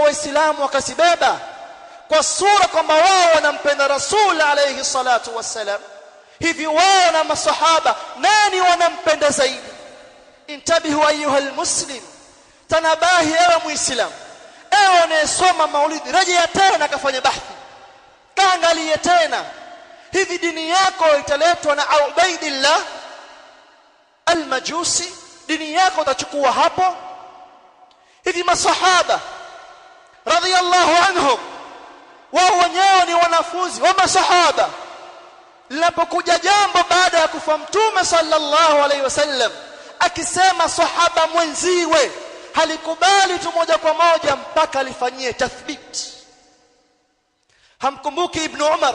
waislamu wakasibeba kwa sura kwamba wao wanampenda rasul alayhi salatu wassalam hivi wao na masahaba nani wanampenda zaidi intabihu ayuha almuslim tanabahi ewe muislam ewe unayesoma maulidi rejea tena kafanye bahthi kaangalie tena hivi dini yako italetwa na ubaidillah almajusi dini yako utachukua hapo hivi masahaba radhiyallahu anhum wao wenyewe ni wanafunzi wa masahaba linapokuja jambo baada ya kufa mtume sallallahu alaihi wasallam akisema sahaba mwenziwe halikubali tu moja kwa moja mpaka alifanyie tathbit hamkumbuki ibn umar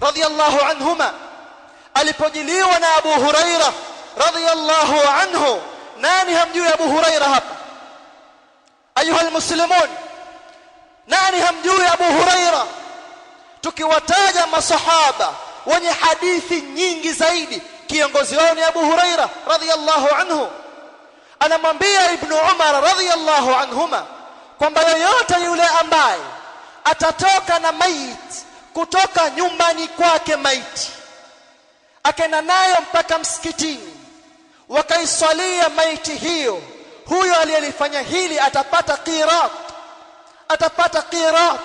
radhiyallahu anhuma alipojiliwa na abu huraira radhiyallahu anhu nani hamjui abu huraira hapa ayuha almuslimun nani hamjui Abu Huraira tukiwataja masahaba wenye hadithi nyingi zaidi kiongozi wao ni Abu Huraira radhiyallahu anhu anamwambia Ibn Umar radhiyallahu anhuma kwamba yoyote yule ambaye atatoka na maiti kutoka nyumbani kwake maiti akaenda nayo mpaka msikitini wakaiswalia maiti hiyo huyo aliyelifanya hili atapata qirat atapata qirat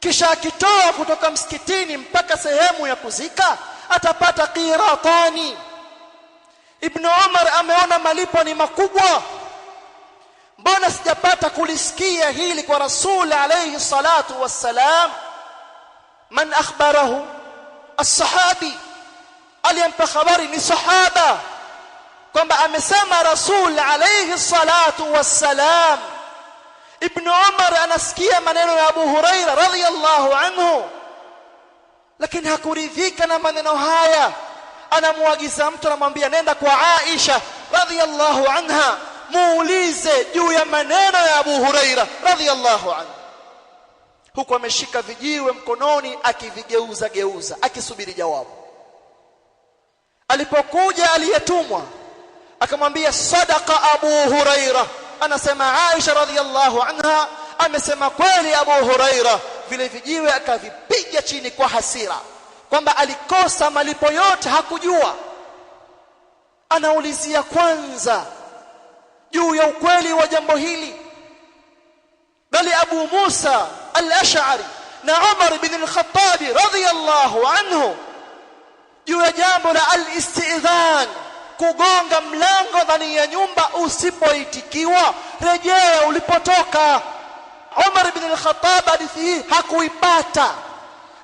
kisha akitoa kutoka msikitini mpaka sehemu ya kuzika atapata qiratani Ibn Umar ameona malipo ni makubwa mbona sijapata kulisikia hili kwa rasul alayhi salatu wassalam man akhbarahu as-sahabi aliyempa habari ni sahaba kwamba amesema rasul alayhi salatu wassalam Ibn Umar anasikia maneno ya Abu Huraira radhiyallahu anhu lakini hakuridhika na maneno haya anamuagiza mtu anamwambia nenda kwa Aisha radhiyallahu anha muulize juu ya maneno ya Abu Huraira radhiyallahu anhu huku ameshika vijiwe mkononi akivigeuza geuza akisubiri jawabu alipokuja aliyetumwa akamwambia sadaqa Abu Huraira anasema Aisha radhiallahu anha amesema kweli Abu Huraira vile vijiwe akavipiga chini kwa hasira kwamba alikosa malipo yote hakujua anaulizia kwanza juu ya ukweli wa jambo hili bali Abu Musa al-Ash'ari na Umar bin al-Khattab radhiyallahu anhu juu ya jambo la al-istidhan kugonga mlango ndani ya nyumba usipoitikiwa, rejea ulipotoka. Umar bin al-Khattab hadithi hii hakuipata,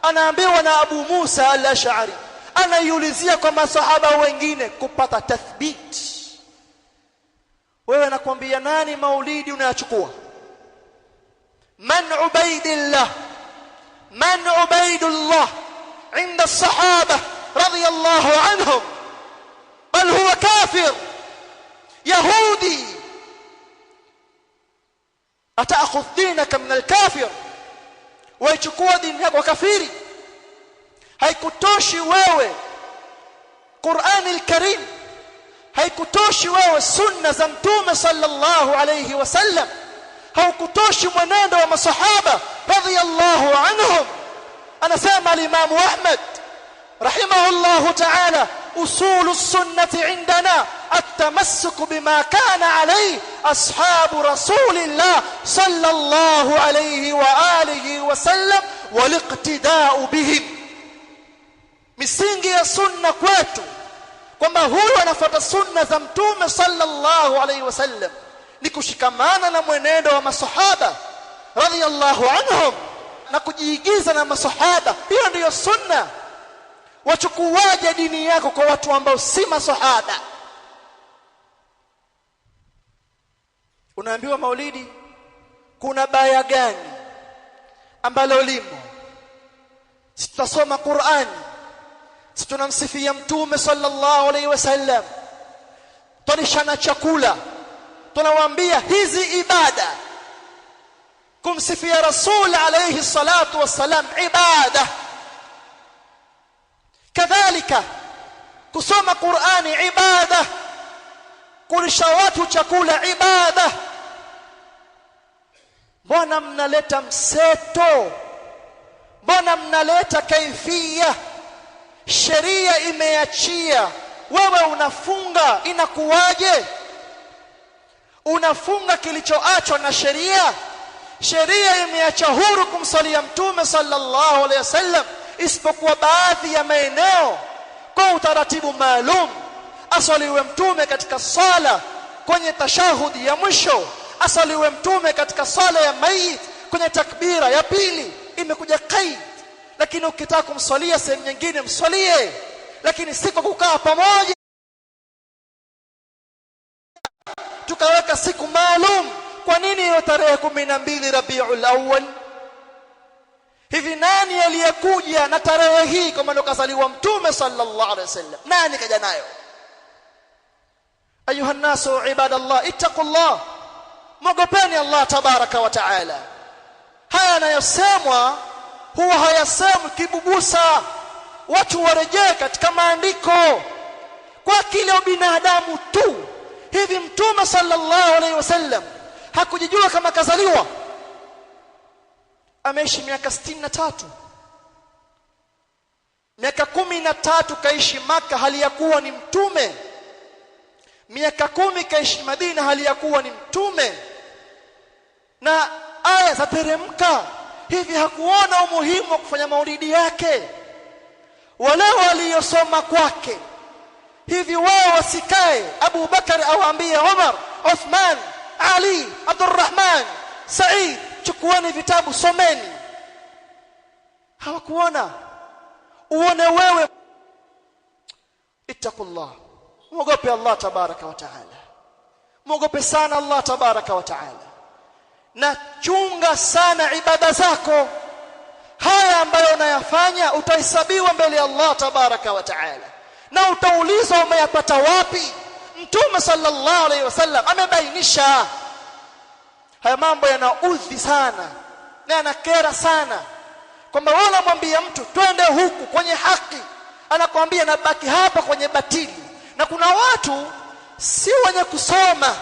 anaambiwa na Abu Musa al-Ash'ari, anaiulizia kwa masahaba wengine kupata tathbiti. Wewe nakwambia nani maulidi unayachukua? Man ubaidillah man ubaidullah inda sahaba radiyallahu anhum بل هو كافر يهودي ataakhudh dinaka min alkafir waichukua dini yako kafiri haikutoshi wewe Qur'an al-Karim haikutoshi wewe sunna za mtume sallallahu alayhi wasallam haukutoshi mwenendo wa masahaba radhiyallahu anhum anasema al-Imam Ahmad rahimahullahu ta'ala أصول السنة عندنا التمسك بما كان عليه أصحاب رسول الله صلى الله عليه وآله وسلم والاقتداء بهم misingi ya sunna kwetu kwamba huyu anafuata sunna za mtume sallallahu alaihi wasallam ni kushikamana na mwenendo wa masahaba radhiallahu anhum na kujiigiza na masahaba hiyo ndiyo sunna wachukuaje dini yako kwa watu ambao si masahaba unaambiwa maulidi kuna baya gani ambalo limo sitasoma Qur'ani situnamsifia mtume sallallahu alaihi wasallam tunishana chakula tunawaambia hizi ibada kumsifia rasul alaihi salatu wassalam ibada kadhalika kusoma Qur'ani ibada kulisha watu chakula ibada mbona mnaleta mseto mbona mnaleta kaifia sheria imeachia wewe unafunga inakuwaje unafunga kilichoachwa na sheria sheria imeacha huru kumsalia mtume sallallahu alaihi wasallam isipokuwa baadhi ya maeneo kwa utaratibu maalum asaliwe mtume katika sala kwenye tashahudi ya mwisho asaliwe mtume katika sala ya mayit kwenye takbira ya pili imekuja qaid lakini ukitaka kumswalia sehemu nyingine mswalie lakini siko kukaa pamoja tukaweka siku maalum kwa nini hiyo tarehe 12 Rabiul Awwal hivi nani aliyekuja na tarehe hii kwa maana kazaliwa mtume sallallahu alaihi wasallam nani kaja nayo ayuha nasu ibadallah ittaqullah mogopeni allah tabaraka wa taala haya yanayosemwa huwa hayasemwi kibubusa watu warejee katika maandiko kwa kile binadamu tu hivi mtume sallallahu alaihi wasallam hakujijua kama kazaliwa ameishi miaka na tatu miaka kumi na tatu kaishi maka hali ya kuwa ni mtume miaka kumi kaishi Madina hali ya kuwa ni mtume na aya zateremka hivi hakuona umuhimu wa kufanya maulidi yake wale waliosoma kwake hivi wao wasikae Abu Bakar awaambie Umar Uthman Ali Abdurrahman Said chukueni vitabu someni. Hawakuona, uone wewe. Ittaqullah, mwogope Allah tabaraka wa taala, mwogope sana Allah tabaraka wa taala, na chunga sana ibada zako. Haya ambayo unayafanya utahesabiwa mbele ya Allah tabaraka wa taala, na utaulizwa umeyapata wapi. Mtume sallallahu alaihi wasallam amebainisha haya mambo yanaudhi sana na yanakera sana kwamba wewe unamwambia mtu twende huku kwenye haki anakwambia nabaki hapa kwenye batili na kuna watu si wenye kusoma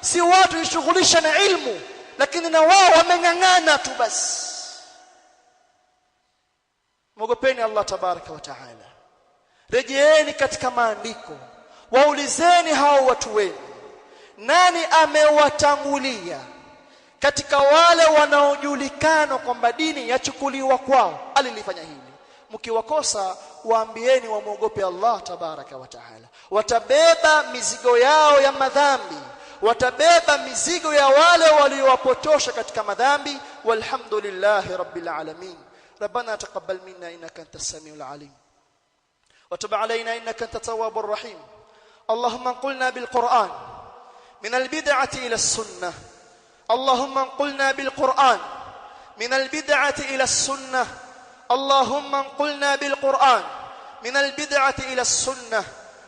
si watu jishughulisha na ilmu lakini na wao wameng'ang'ana tu basi mogopeni Allah tabaraka wa taala rejeeni katika maandiko waulizeni hao watu wenu nani amewatangulia katika wale wanaojulikana kwamba dini yachukuliwa kwao alilifanya hili mkiwakosa waambieni wamwogope Allah tabaraka wa taala watabeba mizigo yao ya madhambi watabeba mizigo ya wale waliowapotosha katika madhambi walhamdulillahi rabbil alamin rabbana taqabbal minna innaka antas samiul alim wa tub السميع innaka antat tawwabur rahim allahumma qulna bil qur'an min al bid'ati ila as sunnah اللهم انقلنا بالقرآن من البدعة إلى السنة اللهم انقلنا بالقرآن من البدعة إلى السنة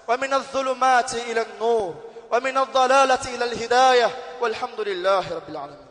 ومن الظلمات إلى النور ومن الضلالة إلى الهداية والحمد لله رب العالمين